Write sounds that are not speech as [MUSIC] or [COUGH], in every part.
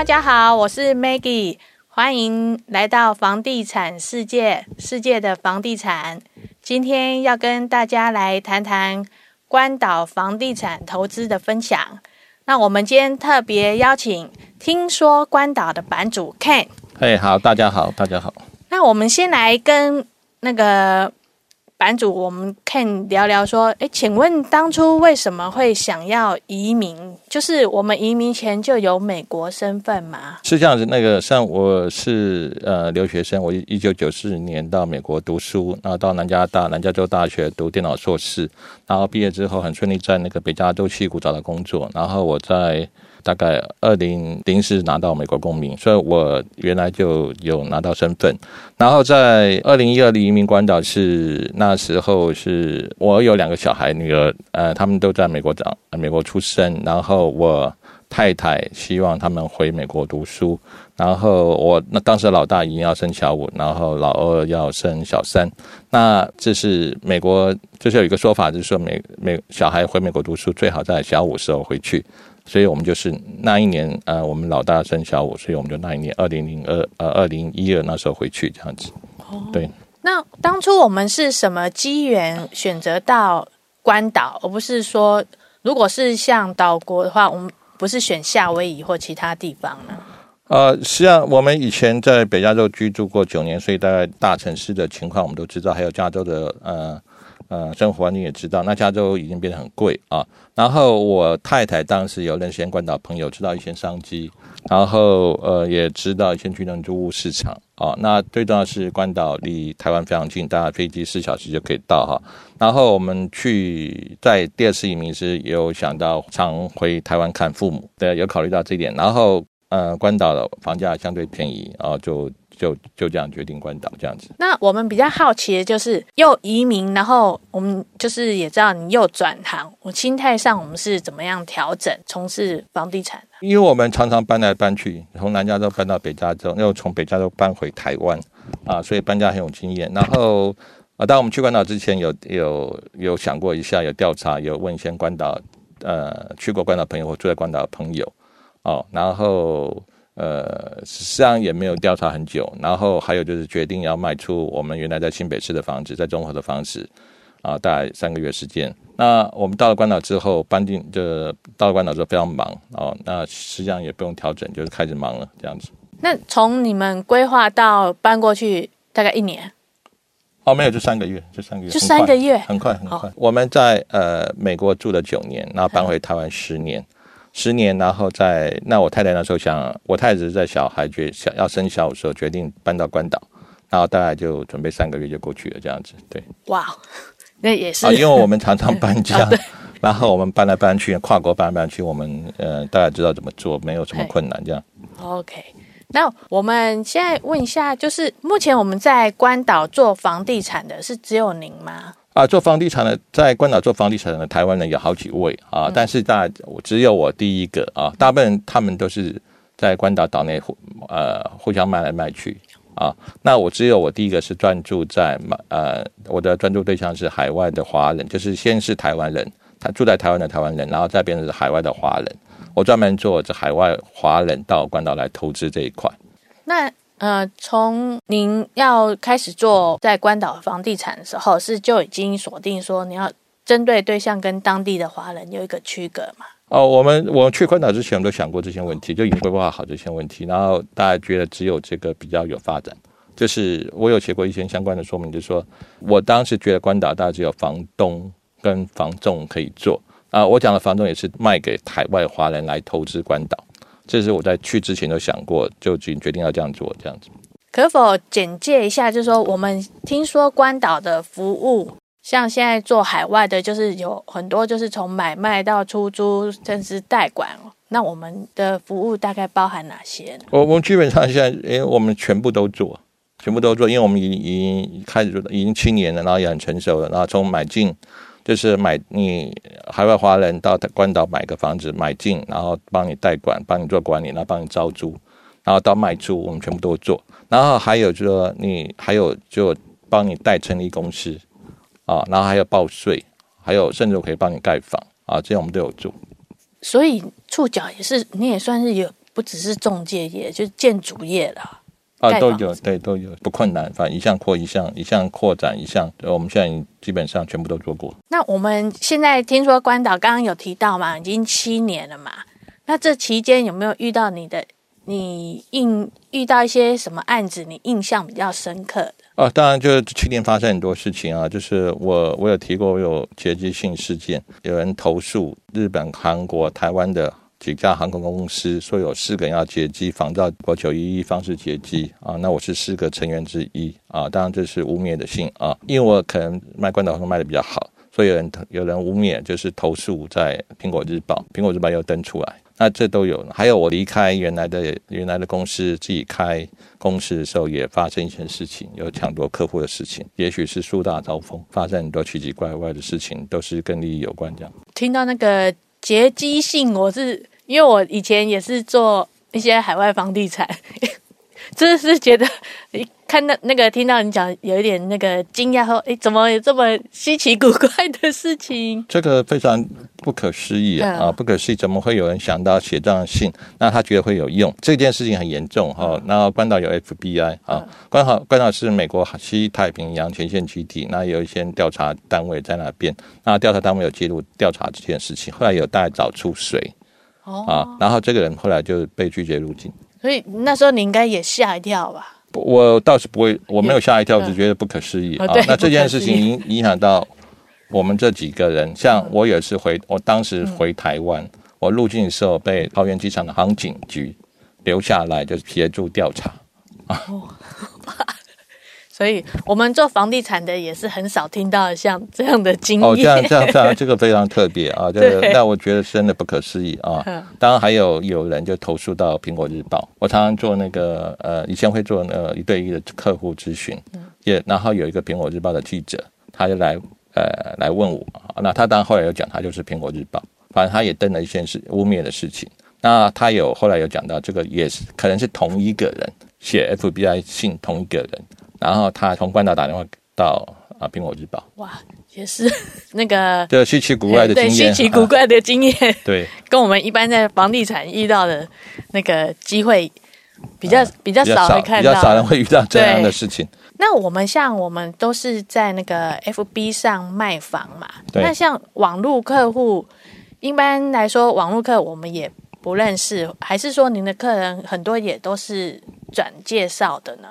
大家好，我是 Maggie，歡迎來到房地產世界，世界的房地產。今天要跟大家來談談關島房地產投資的分享。那我們今天特別邀請聽說關島的版主 Ken。Hey，好，大家好，大家好。那我們先來跟那個。版主，我們可以聊聊說，誒，請問當初為什麼會想要移民？就是我們移民前就有美國身份嗎？是這樣子，那個像我是呃留學生，我一九九四年到美國讀書，然後到南加大南加州大學讀電腦碩士，然後畢業之後很順利在那個北加州矽谷找到工作，然後我在。大概二零零四拿到美國公民，所以我原來就有拿到身份。然後在二零一二的移民關島是那時候是我有兩個小孩，女兒呃他們都在美國長，美國出生。然後我太太希望他們回美國讀書。然後我那當時老大已經要升小五，然後老二要升小三。那這是美國，就是有一個說法，就是說美美小孩回美國讀書，最好在小五時候回去。所以，我們就是那一年，呃，我們老大生小五，所以我們就那一年二零零二，呃，二零一二，那時候回去這樣子。哦、對。那當初我們是什麼機緣選擇到關島，而不是說如果是像島國的話，我們不是選夏威夷或其他地方呢？呃，是啊，我們以前在北加州居住過九年，所以大概大城市的情況我們都知道，還有加州的呃。呃、嗯，生活環境也知道，那加州已經變得很貴啊。然後我太太當時有認識關島朋友，知道一些商機，然後呃也知道一些軍人租屋市場啊。那最重要的是關島離台灣非常近，大家飛機四小時就可以到哈、啊。然後我們去在第二次移民時有想到常回台灣看父母，對，有考慮到這一點。然後呃，關島的房價相對便宜啊，就。就就這樣決定關島這樣子。那我們比較好奇的就是，又移民，然後我們就是也知道你又轉行，我心態上我們是怎麼樣調整從事房地產的啊？因為我們常常搬來搬去，從南加州搬到北加州，又從北加州搬回台灣啊，所以搬家很有經驗。然後啊，當我們去關島之前有，有有有想過一下，有調查，有問一些關島呃去過關島朋友或住在關島的朋友哦，然後。呃，實際上也沒有調查很久，然後還有就是決定要賣出我們原來在新北市的房子，在中和的房子，啊、呃，大概三個月時間。那我們到了關島之後，搬進就到了關島之後非常忙哦，那實際上也不用調整，就是開始忙了這樣子。那從你們規劃到搬過去大概一年？哦，沒有，就三個月，就三個月，就三個月，很快很快。我們在呃美國住了九年，然後搬回台灣十年。嗯十年，然後在那我太太那時候想，我太太是在小孩決想要生小孩的時候決定搬到關島，然後大概就準備三個月就過去了這樣子，對。哇，那也是，啊，因為我們常常搬家， [LAUGHS] 的然後我們搬來搬去，跨國搬來搬去，我們呃大家知道怎麼做，沒有什麼困難這樣。欸，OK，那我們現在問一下，就是目前我們在關島做房地產的是只有您嗎？啊，做房地產的在關島做房地產的台灣人有好幾位啊，但是大只有我第一個啊，大部分人他們都是在關島島內互呃互相賣來賣去啊。那我只有我第一個是專注在呃，我的專注對象是海外的華人，就是先是台灣人，他住在台灣的台灣人，然後再變成是海外的華人。我專門做這海外華人到關島來投資這一塊。那呃，從您要開始做在關島房地產的時候，是就已經鎖定說你要針對對象跟當地的華人有一個區隔嘛？哦，我們我們去關島之前，我們都想過這些問題，就已經規劃好這些問題。然後大家覺得只有這個比較有發展，就是我有寫過一些相關的說明，就是說我當時覺得關島，大家只有房東跟房仲可以做啊，呃，我講的房東也是賣給海外華人來投資關島。這是我在去之前都想過，就決定決定要這樣做，這樣子。可否簡介一下，就是說我們聽說關島的服務，像現在做海外的，就是有很多就是從買賣到出租，甚至代管。那我們的服務大概包含哪些呢？我，我們基本上現在，欸，我們全部都做，全部都做，因為我們已已經開始做已經七年了，然後也很成熟了，然後從買進。就是買你海外華人到關島買個房子買進，然後幫你代管，幫你做管理，然後幫你招租，然後到賣出，我們全部都做。然後還有就說你還有就幫你代成立公司啊，然後還有報稅，還有甚至我可以幫你蓋房啊，這些我們都有做。所以觸角也是你也算是有不只是中介業，就是建築業了。啊，都有，代表，對，都有，不困難，反正一項擴一項，一項擴展一項，就我們現在基本上全部都做過。那我們現在聽說關島剛剛有提到嘛，已經七年了嘛，那這期間有沒有遇到你的，你印遇到一些什麼案子，你印象比較深刻的？啊，當然，就是七年發生很多事情啊，就是我我有提過，有階級性事件，有人投訴日本、韓國、台灣的。幾家航空公司說有四個人要劫機，仿照國九一一方式劫機啊！那我是四個成員之一啊！當然這是污衊的信啊，因為我可能賣關島通賣的比較好，所以有人有人污衊，就是投訴在蘋果日報，蘋果日報又登出來，那這都有。還有我離開原來的原來的公司，自己開公司的時候，也發生一些事情，有搶奪客戶的事情，也許是樹大招風，發生很多奇奇怪怪的事情，都是跟利益有關這樣。聽到那個劫機信，我是。因為我以前也是做一些海外房地產，真的是覺得看到那，那個聽到你講，有一點那個驚訝後誒，怎麼有這麼稀奇古怪的事情？這個非常不可思議啊！對不可思議，怎麼會有人想到寫這樣的信？那他覺得會有用？這件事情很嚴重哈。那關島有 FBI 啊，關島關島是美國西太平洋前線基地，那有一些調查單位在那邊。那調查單位有記錄調查這件事情，後來有大概找出誰。啊，然後這個人後來就被拒絕入境。所以那時候你應該也嚇一跳吧？我倒是不會，我沒有嚇一跳，也我只是覺得不可思議。對啊，那這件事情影影響到我們這幾個人，像我也是回，我當時回台灣，嗯、我入境的時候被桃園機場的航警局留下來，就是協助調查。啊、哦。 [LAUGHS] 所以我們做房地產的也是很少聽到像這樣的經驗。哦，這樣這樣這樣，這個非常特別啊！就是、對，那我覺得真的不可思議啊！當然還有有人就投訴到《蘋果日報》，我常常做那個呃，以前會做那個一對一的客戶諮詢，也、嗯、然後有一個《蘋果日報》的記者，他就來呃來問我，那他當然後來有講他就是《蘋果日報》，反正他也登了一件事污蔑的事情。那他有後來有講到這個，也是可能是同一個人寫 FBI 信同一個人。然後他從關島打電話到啊，蘋果日報。哇，也是那個就稀、哎、奇古怪的經驗，對、啊，稀奇古怪的經驗，對，跟我們一般在房地產遇到的那個機會比較、啊、比較少會看到，比較少人會遇到這樣的事情。那我們像我們都是在那個 FB 上賣房嘛，對。那像網絡客戶，一般來說網絡客我們也不認識，還是說您的客人很多也都是轉介紹的呢？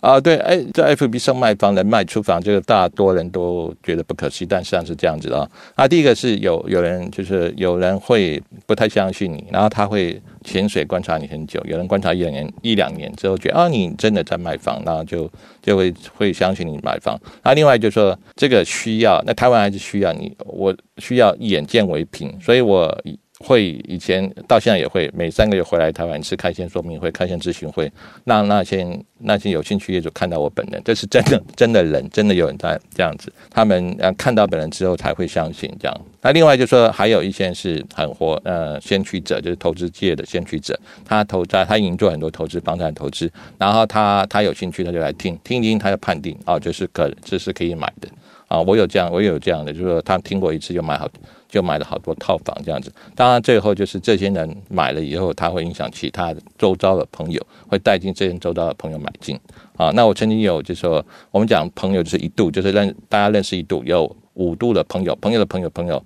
啊，uh, 對，哎、欸，在 F B 上賣房能賣出房，這個大多人都覺得不可思議，但實際上是這樣子的、哦、啊。第一個是有有人，就是有人會不太相信你，然後他會潛水觀察你很久，有人觀察一兩年一兩年之後，覺得啊、哦，你真的在賣房，然後就就會會相信你買房。啊，另外就是說這個需要，那台灣還是需要你，我需要眼見為憑，所以我。會以前到現在也會，每三個月回來台灣一次開線說明會、開線諮詢會。讓那些那些有興趣業主看到我本人，這是真的真的人，真的有人在這樣子。他們呃看到本人之後才會相信這樣。那另外就是說還有一些是很活呃先驅者，就是投資界的先驅者，他投他他已經做很多投資房產投資，然後他他有興趣，他就來聽聽一聽，他就判定哦，就是可這是可以買的。啊，我有這樣，我也有這樣的，就是說他聽過一次就買好，就買了好多套房這樣子。當然最後就是這些人買了以後，他會影響其他周遭的朋友，會帶進這些周遭的朋友買進。啊，那我曾經有就是說，我們講朋友就是一度，就是讓大家認識一度有五度的朋友，朋友的朋友朋友，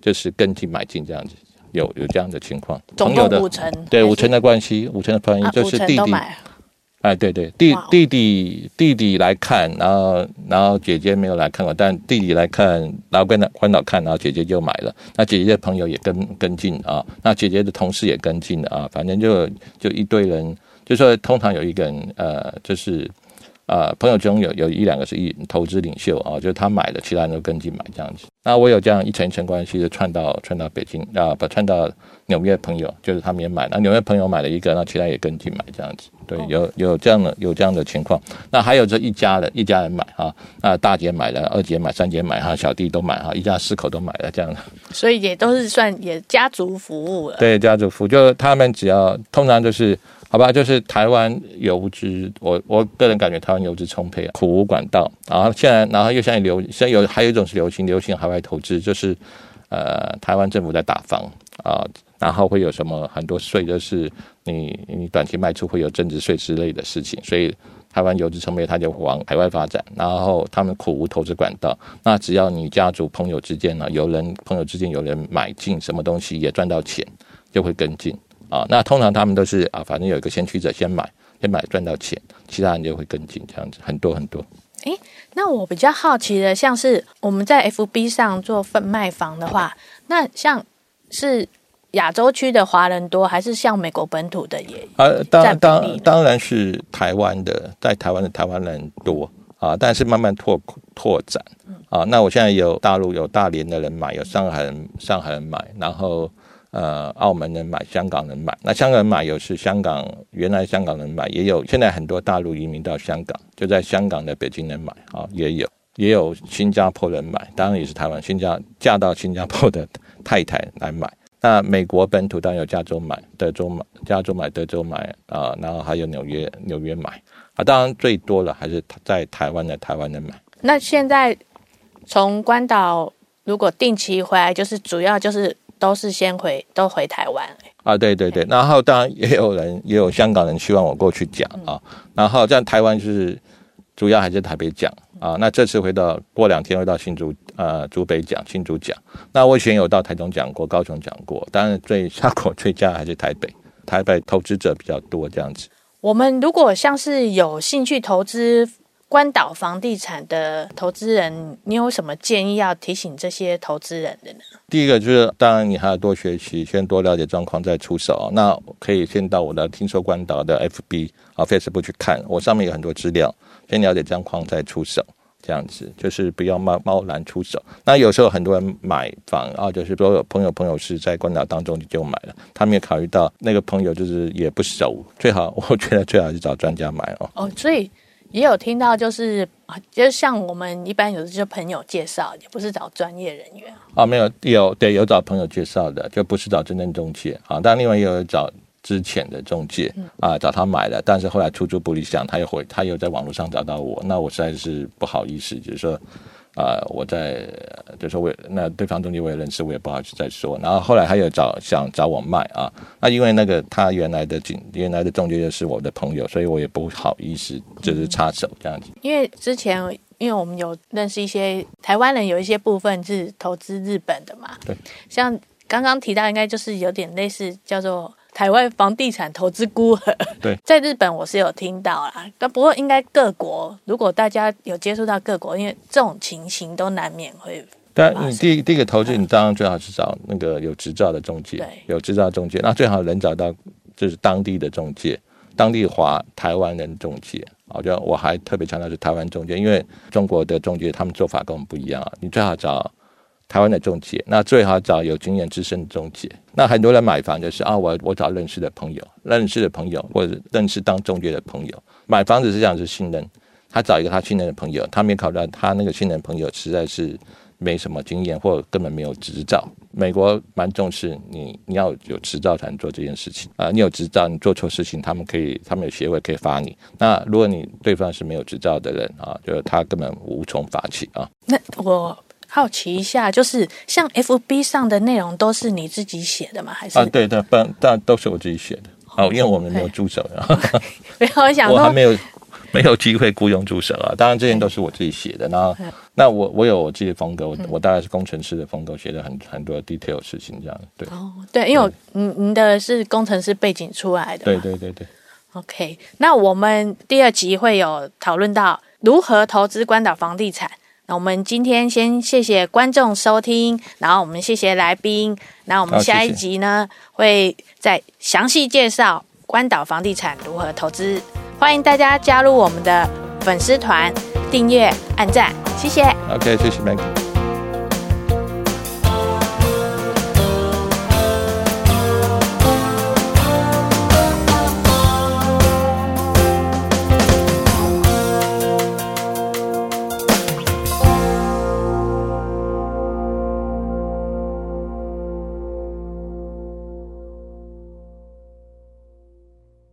就是跟進買進這樣子，有有這樣的情況，總共五朋友的對五層的關係，是五層的朋友就是弟弟、啊。哎，對對，弟弟弟弟弟來看，然後然後姐姐沒有來看過，但弟弟來看，然後跟他環到看，然後姐姐就買了。那姐姐的朋友也跟跟進啊，那姐姐的同事也跟進了啊，反正就就一堆人，就說通常有一個人，呃，就是。啊，朋友中有有一兩個是一投資領袖啊，就是他買的，其他人都跟進買這樣子。那我有這樣一層一層關係，就串到串到北京啊，把串到紐約朋友，就是他們也買了。那紐約朋友買了一個，那其他也跟進買這樣子。對，有有這樣的有這樣的情況。那還有這一家的一家人買哈、啊，那大姐買了，二姐買，三姐買哈、啊，小弟都買哈、啊，一家四口都買了這樣。所以也都是算也家族服務了。對，家族服務，就他們只要通常就是。好吧，就是台灣遊資，我我個人感覺台灣遊資充沛，苦無管道啊。然後現在，然後又現在流，現在有還有一種是流行，流行海外投資，就是呃，台灣政府在打房啊，然後會有什麼很多稅，就是你你短期賣出會有增值稅之類的事情，所以台灣遊資充沛，他就往海外發展。然後他們苦無投資管道，那只要你家族朋友之間呢，有人朋友之間有人買進什麼東西也賺到錢，就會跟進。啊，那通常他們都是啊，反正有一個先驅者先買，先買賺到錢，其他人就會跟進這樣子，很多很多。欸、那我比較好奇的，像是我們在 FB 上做販賣房的話，那像是亞洲區的華人多，還是像美國本土的也占比例？啊，當當當然是台灣的，在台灣的台灣人多啊，但是慢慢拓拓展啊。那我現在有大陸有大連的人買，有上海人上海人買，然後。呃，澳門人買，香港人買。那香港人買，有是香港原來香港人買，也有現在很多大陸移民到香港，就在香港的北京人買啊、哦，也有也有新加坡人買，當然也是台灣新加嫁到新加坡的太太來買。那美國本土，當然有加州買，德州買，加州買德州買啊、呃，然後還有紐約，紐約買啊，當然最多的還是在台灣的台灣人買。那現在從關島，如果定期回來，就是主要就是。都是先回，都回台灣。啊，對對對，然後當然也有人，也有香港人希望我過去講啊。然後在台灣就是主要還是台北講啊。那這次回到過兩天會到新竹，呃，竹北講，新竹講。那我以前有到台中講過，高雄講過，當然最效果最佳還是台北，台北投資者比較多這樣子。我們如果像是有興趣投資關島房地產的投資人，你有什麼建議要提醒這些投資人的呢？第一個就是，當然你還要多學習，先多了解狀況再出手。那可以先到我的聽說關島的 FB 啊 Facebook 去看，我上面有很多資料，先了解狀況再出手，這樣子就是不要貿貿然出手。那有時候很多人買房啊，就是說有朋友朋友是在關島當中就買了，他們也考慮到那個朋友就是也不熟，最好我覺得最好是找專家買哦。哦，oh, 所以。也有聽到，就是啊，就像我們一般有的就朋友介紹，也不是找專業人員啊，沒有有對有找朋友介紹的，就不是找真正中介啊，但另外也有找之前的中介啊，找他買的，但是後來出租不理想，他又回他又在網絡上找到我，那我實在是不好意思，就是說。啊、呃，我在就是為那對方中介我也認識，我也不好去再說。然後後來他又找想找我賣啊，那、啊、因為那個他原來的經原來的中介又是我的朋友，所以我也不好意思就是插手這樣子、嗯。因為之前因為我們有認識一些台灣人，有一些部分是投資日本的嘛，對，像剛剛提到，應該就是有點類似叫做。台灣房地產投資顧客，對， [LAUGHS] 在日本我是有聽到啦，但不過應該各國，如果大家有接觸到各國，因為這種情形都難免會，會。但你第第一個投資，你當然最好是找那個有執照的中介，對有執照中介，那最好能找到就是當地的中介，當地華台灣人中介。我覺得我還特別強調是台灣中介，因為中國的中介他們做法跟我們不一樣啊，你最好找台灣的中介，那最好找有經驗資深的中介。那很多人買房就是啊、哦，我我找認識的朋友，認識的朋友或者認識當中介的朋友，買房子實際上是信任他，找一個他信任的朋友，他沒考慮到他那個信任朋友實在是沒什麼經驗，或根本沒有執照。美國蠻重視你，你要有執照才能做這件事情啊、呃，你有執照，你做錯事情，他們可以，他們有協會可以罰你。那如果你對方是沒有執照的人啊，就是他根本無從罰起啊。那我。好奇一下，就是像 FB 上的內容都是你自己寫的嗎？還是啊，對的，不然當然都是我自己寫的。好，oh, okay. 因為我們沒有助手， [LAUGHS] 沒有我想到我還沒有 [LAUGHS] 沒有機會雇傭助手啊。當然，這些都是我自己寫的。 [LAUGHS] 那那我我有我自己的風格，嗯、我我大概是工程師的風格，寫的很很多 detail 事情這樣。對哦，oh, 對，因為你對、嗯、你的是工程師背景出來的，對,對對對對。OK，那我們第二集會有討論到如何投資關島房地產。我們今天先謝謝觀眾收聽，然後我們謝謝來賓，那我們下一集呢謝謝會再詳細介紹關島房地產如何投資，歡迎大家加入我們的粉絲團，訂閱、按讚，謝謝。OK，謝謝 Maggie。